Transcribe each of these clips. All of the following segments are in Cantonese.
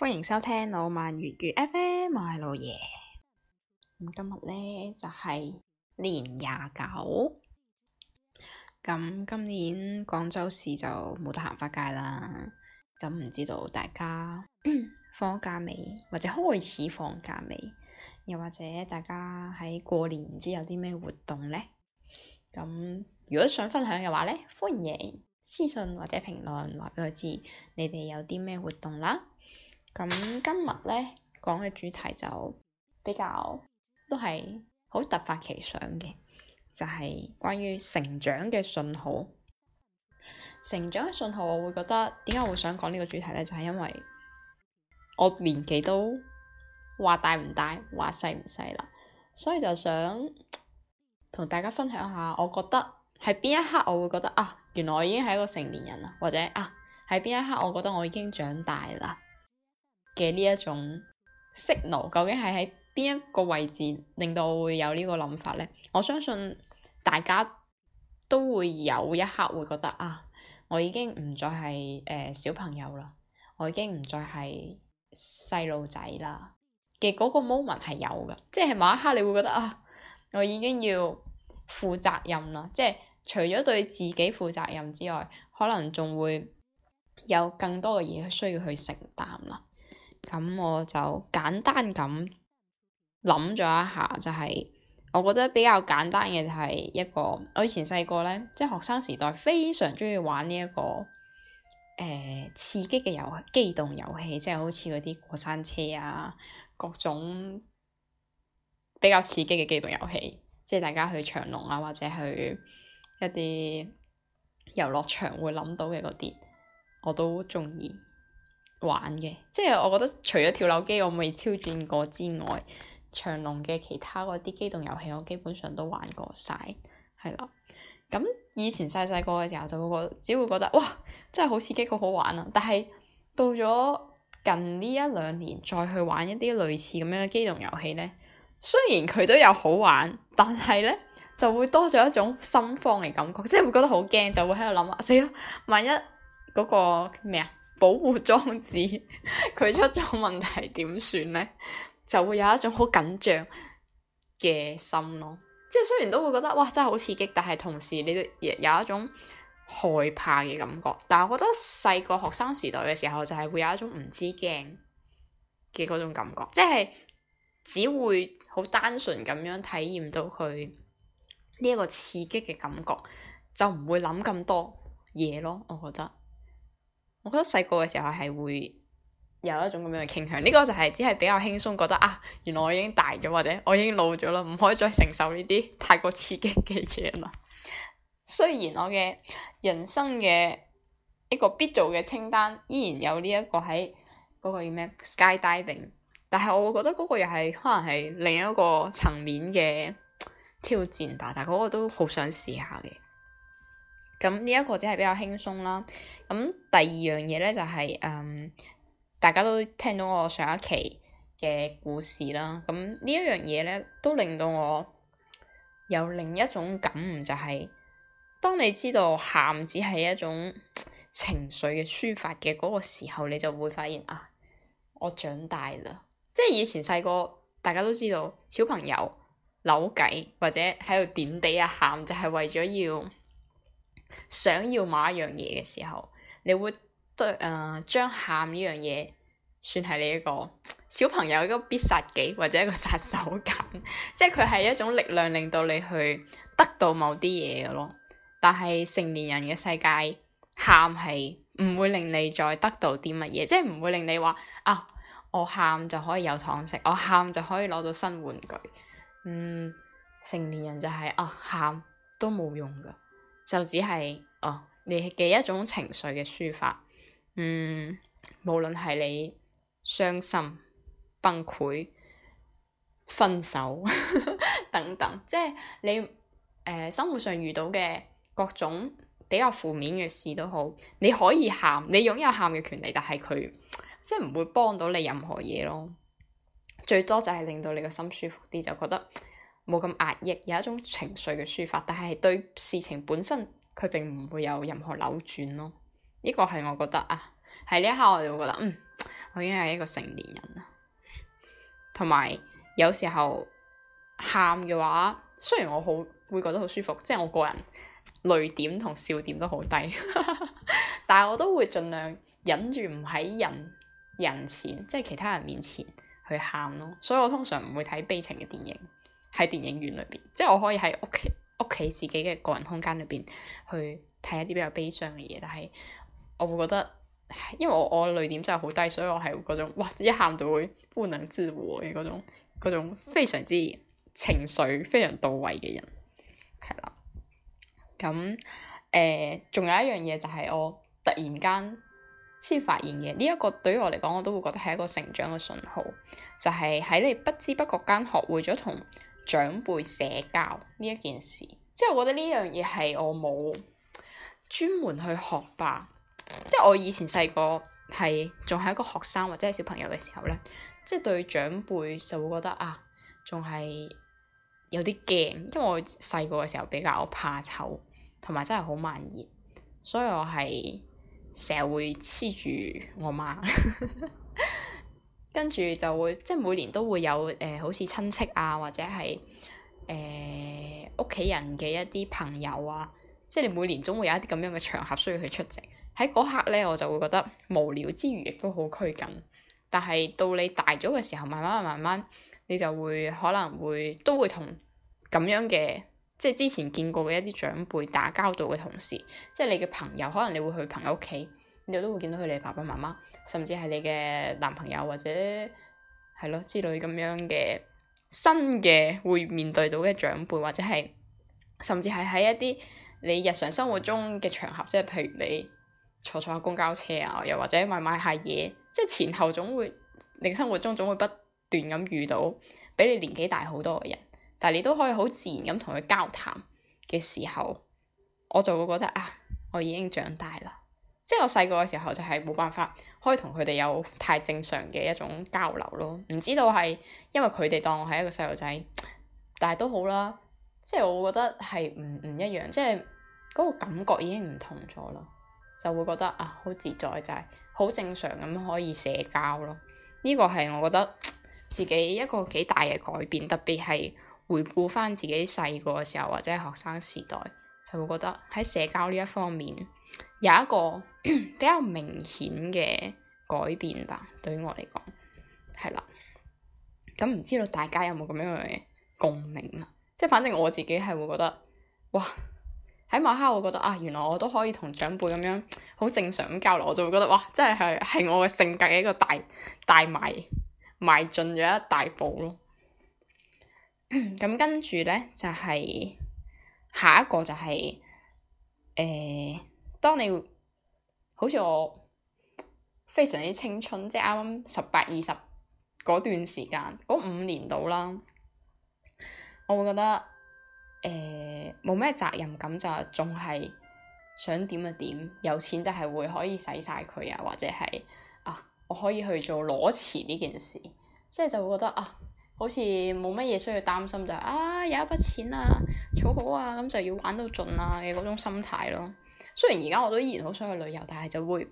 歡迎收聽老萬粵語 FM，我係老爺。今日咧就係年廿九，咁今年廣州市就冇得行花街啦。咁唔知道大家 放假未，或者開始放假未？又或者大家喺過年唔知有啲咩活動咧？咁如果想分享嘅話咧，歡迎私信或者評論話俾我知，你哋有啲咩活動啦。咁今日咧講嘅主題就比較都係好突發奇想嘅，就係關於成長嘅信號。成長嘅信號，我會覺得點解我會想講呢個主題咧？就係因為我年紀都話大唔大，話細唔細啦，所以就想同大家分享下，我覺得喺邊一刻我會覺得啊，原來我已經係一個成年人啦，或者啊喺邊一刻我覺得我已經長大啦。嘅呢一種 signal 究竟係喺邊一個位置令到我會有個呢個諗法咧？我相信大家都會有一刻會覺得啊，我已經唔再係誒、呃、小朋友啦，我已經唔再係細路仔啦。嘅嗰個 moment 係有嘅，即係某一刻你會覺得啊，我已經要負責任啦，即係除咗對自己負責任之外，可能仲會有更多嘅嘢需要去承擔啦。咁我就簡單咁諗咗一下，就係我覺得比較簡單嘅就係一個我以前細個咧，即係學生時代非常中意玩呢一個誒刺激嘅遊戲機動遊戲，即係好似嗰啲過山車啊，各種比較刺激嘅機動遊戲，即係大家去長隆啊或者去一啲遊樂場會諗到嘅嗰啲，我都中意。玩嘅，即係我覺得除咗跳樓機我未超轉過之外，長隆嘅其他嗰啲機動遊戲我基本上都玩過晒，係啦。咁以前細細個嘅時候就會覺得，只會覺得哇，真係好刺激，好好玩啊！但係到咗近呢一兩年再去玩一啲類似咁樣嘅機動遊戲咧，雖然佢都有好玩，但係咧就會多咗一種心慌嘅感覺，即係會覺得好驚，就會喺度諗啊死咯，萬一嗰個咩啊？保護裝置佢 出咗問題點算呢？ 就會有一種好緊張嘅心咯，即係雖然都會覺得哇，真係好刺激，但係同時你都有一種害怕嘅感覺。但我覺得細個學生時代嘅時候就係會有一種唔知驚嘅嗰種感覺，即係只會好單純咁樣體驗到佢呢一個刺激嘅感覺，就唔會諗咁多嘢咯。我覺得。我覺得細個嘅時候係會有一種咁樣嘅傾向，呢個就係只係比較輕鬆覺得啊，原來我已經大咗或者我已經老咗啦，唔可以再承受呢啲太過刺激嘅嘢啦。 雖然我嘅人生嘅一個必做嘅清單依然有呢一個喺嗰個叫咩 Skydiving，但係我會覺得嗰個又係可能係另一個層面嘅挑戰吧，但係嗰個都好想試下嘅。咁呢一個只係比較輕鬆啦，咁第二樣嘢咧就係、是、誒、嗯，大家都聽到我上一期嘅故事啦，咁呢一樣嘢咧都令到我有另一種感悟，就係、是、當你知道喊只係一種情緒嘅抒發嘅嗰、那個時候，你就會發現啊，我長大啦，即係以前細個大家都知道小朋友扭計或者喺度點地啊喊，就係為咗要想要買一樣嘢嘅時候，你會對誒，將喊呢樣嘢算係你一個小朋友一個必殺技或者一個殺手鐧。 即係佢係一種力量，令到你去得到某啲嘢嘅咯。但係成年人嘅世界，喊係唔會令你再得到啲乜嘢，即係唔會令你話啊，我喊就可以有糖食，我喊就可以攞到新玩具。嗯，成年人就係、是、啊，喊都冇用噶。就只係哦，你嘅一種情緒嘅抒發，嗯，無論係你傷心、崩潰、分手 等等，即係你誒、呃、生活上遇到嘅各種比較負面嘅事都好，你可以喊，你擁有喊嘅權利，但係佢即係唔會幫到你任何嘢咯，最多就係令到你個心舒服啲，就覺得。冇咁壓抑，有一種情緒嘅抒發，但係對事情本身佢並唔會有任何扭轉咯。呢、呢個係我覺得啊，喺呢一刻我就覺得嗯，我已經係一個成年人啦。同埋有，有時候喊嘅話，雖然我好會覺得好舒服，即係我個人淚點同笑點都好低， 但係我都會盡量忍住唔喺人人前，即係其他人面前去喊咯。所以我通常唔會睇悲情嘅電影。喺電影院裏邊，即係我可以喺屋企屋企自己嘅個人空間裏邊去睇一啲比較悲傷嘅嘢，但係我會覺得，因為我我淚點真係好低，所以我係嗰種哇一喊就會不能自活嘅嗰種嗰種非常之情緒非常到位嘅人係啦。咁誒，仲、呃、有一樣嘢就係我突然間先發現嘅呢一個，對於我嚟講，我都會覺得係一個成長嘅信號，就係、是、喺你不知不覺間學會咗同。長輩社交呢一件事，即係我覺得呢樣嘢，係我冇專門去學吧。即係我以前細個係仲係一個學生或者係小朋友嘅時候咧，即係對長輩就會覺得啊，仲係有啲驚，因為我細個嘅時候比較怕醜，同埋真係好慢熱，所以我係成日會黐住我媽。 跟住就會即係每年都會有誒、呃、好似親戚啊或者係誒屋企人嘅一啲朋友啊，即係你每年總會有一啲咁樣嘅場合需要去出席。喺嗰刻咧，我就會覺得無聊之餘亦都好拘謹。但係到你大咗嘅時候，慢慢慢慢你就會可能會都會同咁樣嘅即係之前見過嘅一啲長輩打交道嘅同事，即係你嘅朋友，可能你會去朋友屋企。你都會見到佢哋爸爸媽媽，甚至係你嘅男朋友或者係咯之類咁樣嘅新嘅會面對到嘅長輩，或者係甚至係喺一啲你日常生活中嘅場合，即係譬如你坐坐下公交車啊，又或者買買下嘢，即係前後總會你嘅生活中總會不斷咁遇到比你年紀大好多嘅人，但你都可以好自然咁同佢交談嘅時候，我就會覺得啊，我已經長大啦。即係我細個嘅時候就係冇辦法可以同佢哋有太正常嘅一種交流咯，唔知道係因為佢哋當我係一個細路仔，但係都好啦。即係我覺得係唔唔一樣，即係嗰個感覺已經唔同咗咯，就會覺得啊好自在，就係好正常咁可以社交咯。呢個係我覺得自己一個幾大嘅改變，特別係回顧翻自己細個嘅時候或者學生時代，就會覺得喺社交呢一方面有一個 比較明顯嘅改變吧，對於我嚟講係啦，咁唔知道大家有冇咁樣嘅共鳴啦？即係反正我自己係會覺得，哇，喺馬哈我覺得啊，原來我都可以同長輩咁樣好正常咁交流，我就會覺得哇，真係係係我嘅性格一個大大邁邁進咗一大步咯。咁跟住咧就係、是、下一個就係、是、誒。欸當你好似我非常之青春，即係啱啱十八二十嗰段時間嗰五年度啦，我會覺得誒冇咩責任感，就係仲係想點就點，有錢就係會可以使晒佢啊，或者係啊我可以去做攞錢呢件事，即係就會覺得啊好似冇乜嘢需要擔心，就係啊有一筆錢啊儲好啊，咁就要玩到盡啊嘅嗰種心態咯。雖然而家我都依然好想去旅遊，但係就會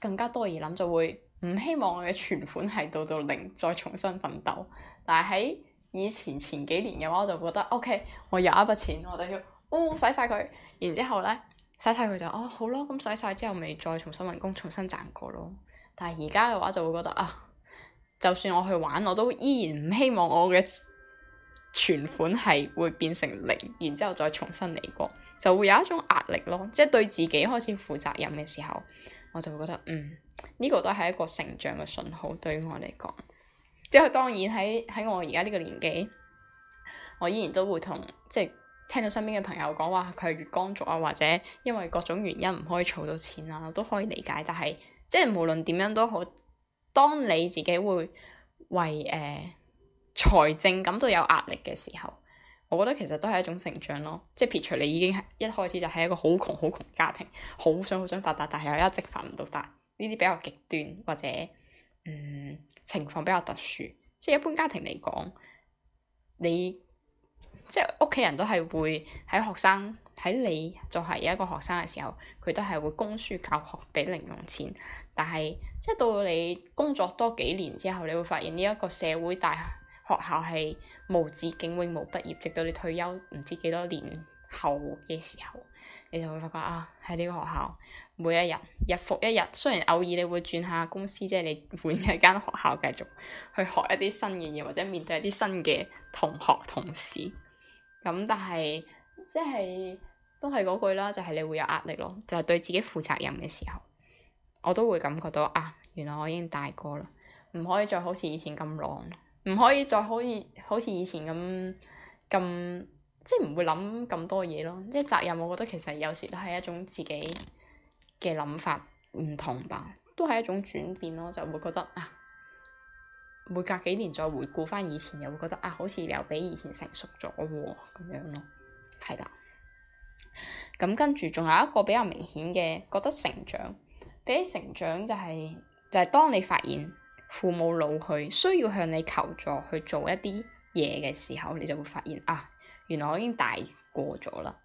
更加多而諗，就會唔希望我嘅存款係到到零，再重新奮鬥。但係喺以前前幾年嘅話，我就覺得 O、OK, K，我有一筆錢，我就要哦使晒佢，然之後呢洗、哦嗯、洗之後咧使晒佢就哦好咯，咁使晒之後咪再重新揾工，重新賺過咯。但係而家嘅話就會覺得啊，就算我去玩，我都依然唔希望我嘅。存款係會變成零，然之後再重新嚟過，就會有一種壓力咯。即係對自己開始負責任嘅時候，我就會覺得嗯，呢個都係一個成長嘅信號，對於我嚟講。即係當然喺喺我而家呢個年紀，我依然都會同即係聽到身邊嘅朋友講話佢係月光族啊，或者因為各種原因唔可以儲到錢啊，都可以理解。但係即係無論點樣都好，當你自己會為誒。呃財政咁都有壓力嘅時候，我覺得其實都係一種成長咯。即係撇除你已經係一開始就係一個好窮好窮家庭，好想好想發達，但係又一直發唔到達呢啲比較極端或者嗯情況比較特殊。即係一般家庭嚟講，你即係屋企人都係會喺學生喺你作為一個學生嘅時候，佢都係會供書教學俾零用錢。但係即係到你工作多幾年之後，你會發現呢一個社會大學校係無止境，永無畢業，直到你退休唔知幾多年後嘅時候，你就會發覺啊，喺呢個學校每一日日復一日。雖然偶爾你會轉下公司，即係你換一間學校繼續去學一啲新嘅嘢，或者面對一啲新嘅同學同事。咁但係即係都係嗰句啦，就係你會有壓力咯，就係對自己負責任嘅時候，我都會感覺到啊，原來我已經大個啦，唔可以再好似以前咁浪。唔可以再可以好似以前咁咁，即係唔會諗咁多嘢咯。即係責任，我覺得其實有時都係一種自己嘅諗法唔同吧，都係一種轉變咯。就會覺得啊，每隔幾年再回顧翻以前，又會覺得啊，好似又比以前成熟咗喎咁樣咯。係啦，咁跟住仲有一個比較明顯嘅，覺得成長。比起成長，就係，就係就係當你發現。嗯。父母老去，需要向你求助去做一啲嘢嘅時候，你就會發現啊，原來我已經大個咗啦，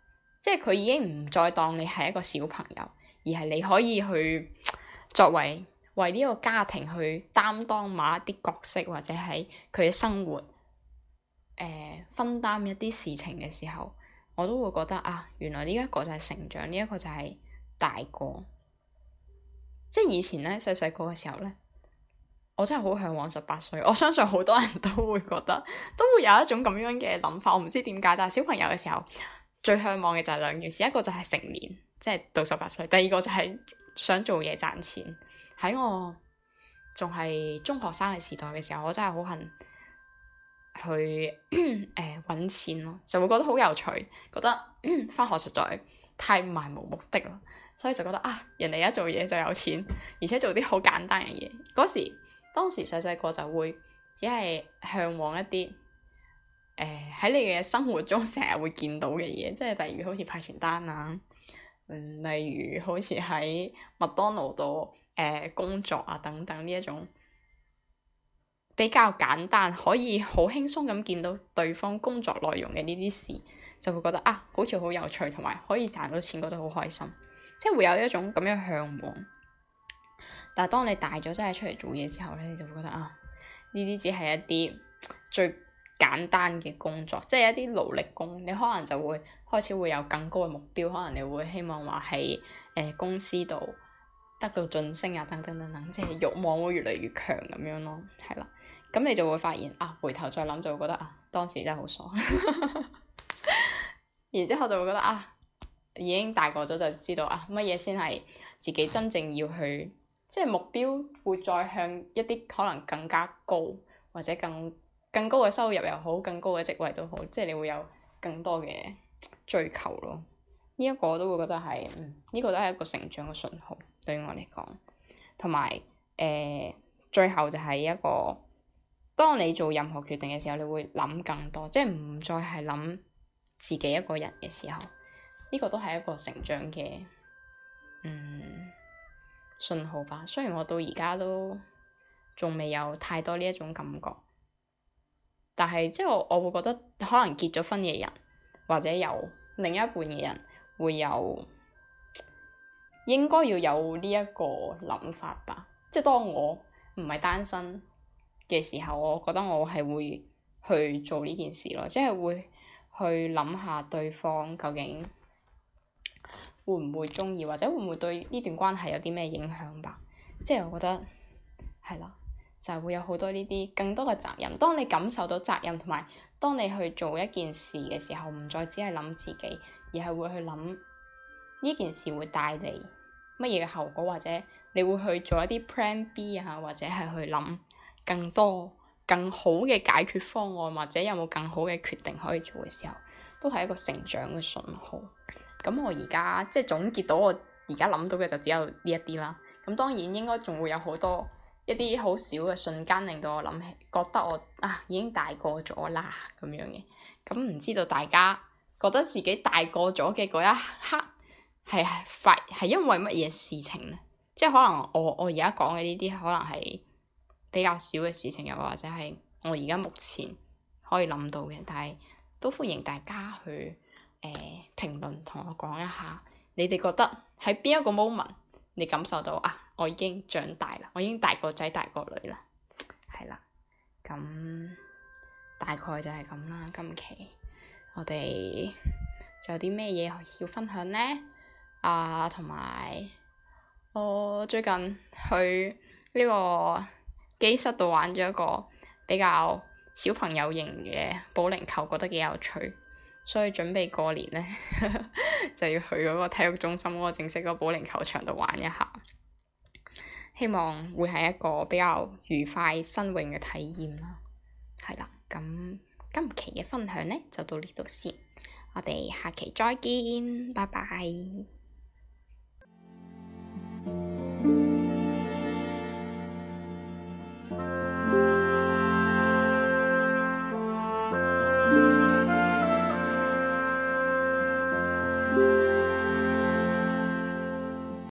即係佢已經唔再當你係一個小朋友，而係你可以去作為為呢個家庭去擔當某一啲角色，或者喺佢嘅生活誒、呃、分擔一啲事情嘅時候，我都會覺得啊，原來呢一個就係成長，呢、呢、一個就係大個，即係以前咧細細個嘅時候咧。我真係好向往十八歲，我相信好多人都會覺得都會有一種咁樣嘅諗法。我唔知點解，但係小朋友嘅時候最向往嘅就係兩件事，一個就係成年，即係到十八歲；第二個就係想做嘢賺錢。喺我仲係中學生嘅時代嘅時候，我真係好恨去誒搵、 呃、錢咯，就會覺得好有趣，覺得返 學實在太漫無目、目的啦，所以就覺得啊，人哋一做嘢就有錢，而且做啲好簡單嘅嘢嗰時。當時細細個就會只係嚮往一啲，誒、呃、喺你嘅生活中成日會見到嘅嘢，即係例如好似派傳單啊，嗯，例如好似喺麥當勞度誒、呃、工作啊等等呢一種比較簡單，可以好輕鬆咁見到對方工作內容嘅呢啲事，就會覺得啊，好似好有趣，同埋可以賺到錢，覺得好開心，即係會有一種咁樣嚮往。但係，當你大咗真係出嚟做嘢之後咧，你就會覺得啊，呢啲只係一啲最簡單嘅工作，即係一啲勞力工。你可能就會開始會有更高嘅目標，可能你會希望話喺誒公司度得到晉升啊，等等等等，即係欲望會越嚟越強咁樣咯，係啦。咁你就會發現啊，回頭再諗就會覺得啊，當時真係好爽。 然之後就會覺得啊，已經大個咗，就知道啊乜嘢先係自己真正要去。即係目標會再向一啲可能更加高或者更更高嘅收入又好，更高嘅職位都好，即係你會有更多嘅追求咯。呢一個我都會覺得係，嗯，呢個都係一個成長嘅信號，對於我嚟講。同埋誒，最後就係一個，當你做任何決定嘅時候，你會諗更多，即係唔再係諗自己一個人嘅時候。呢個都係一個成長嘅，嗯，信號吧，雖然我到而家都仲未有太多呢一種感覺，但係即係我我會覺得可能結咗婚嘅人或者有另一半嘅人會有，應該要有呢一個諗法吧。即係當我唔係單身嘅時候，我覺得我係會去做呢件事咯，即係會去諗下對方究竟。會唔會中意或者會唔會對呢段關係有啲咩影響吧？即係我覺得係啦，就會有好多呢啲更多嘅責任。當你感受到責任同埋，當你去做一件事嘅時候，唔再只係諗自己，而係會去諗呢件事會帶嚟乜嘢嘅後果，或者你會去做一啲 plan B 啊，或者係去諗更多更好嘅解決方案，或者有冇更好嘅決定可以做嘅時候，都係一個成長嘅信號。咁我而家即係總結到我而家諗到嘅就只有呢一啲啦。咁當然應該仲會有好多一啲好少嘅瞬間令到我諗起覺得我啊已經大個咗啦咁樣嘅。咁唔知道大家覺得自己大個咗嘅嗰一刻係發係因為乜嘢事情呢？即係可能我我而家講嘅呢啲可能係比較少嘅事情，又或者係我而家目前可以諗到嘅，但係都歡迎大家去。誒，評論同我講一下，你哋覺得喺邊一個 moment，你感受到啊，我已經長大啦，我已經大個仔大個女啦，係啦，咁大概就係咁啦。今期我哋仲有啲咩嘢要分享呢？啊，同埋我最近去呢個機室度玩咗一個比較小朋友型嘅保齡球，覺得幾有趣，所以準備過年咧， 就要去嗰個體育中心嗰個正式嗰保齡球場度玩一下，希望會係一個比較愉快、新穎嘅體驗啦。係啦，咁今期嘅分享咧就到呢度先，我哋下期再見，拜拜。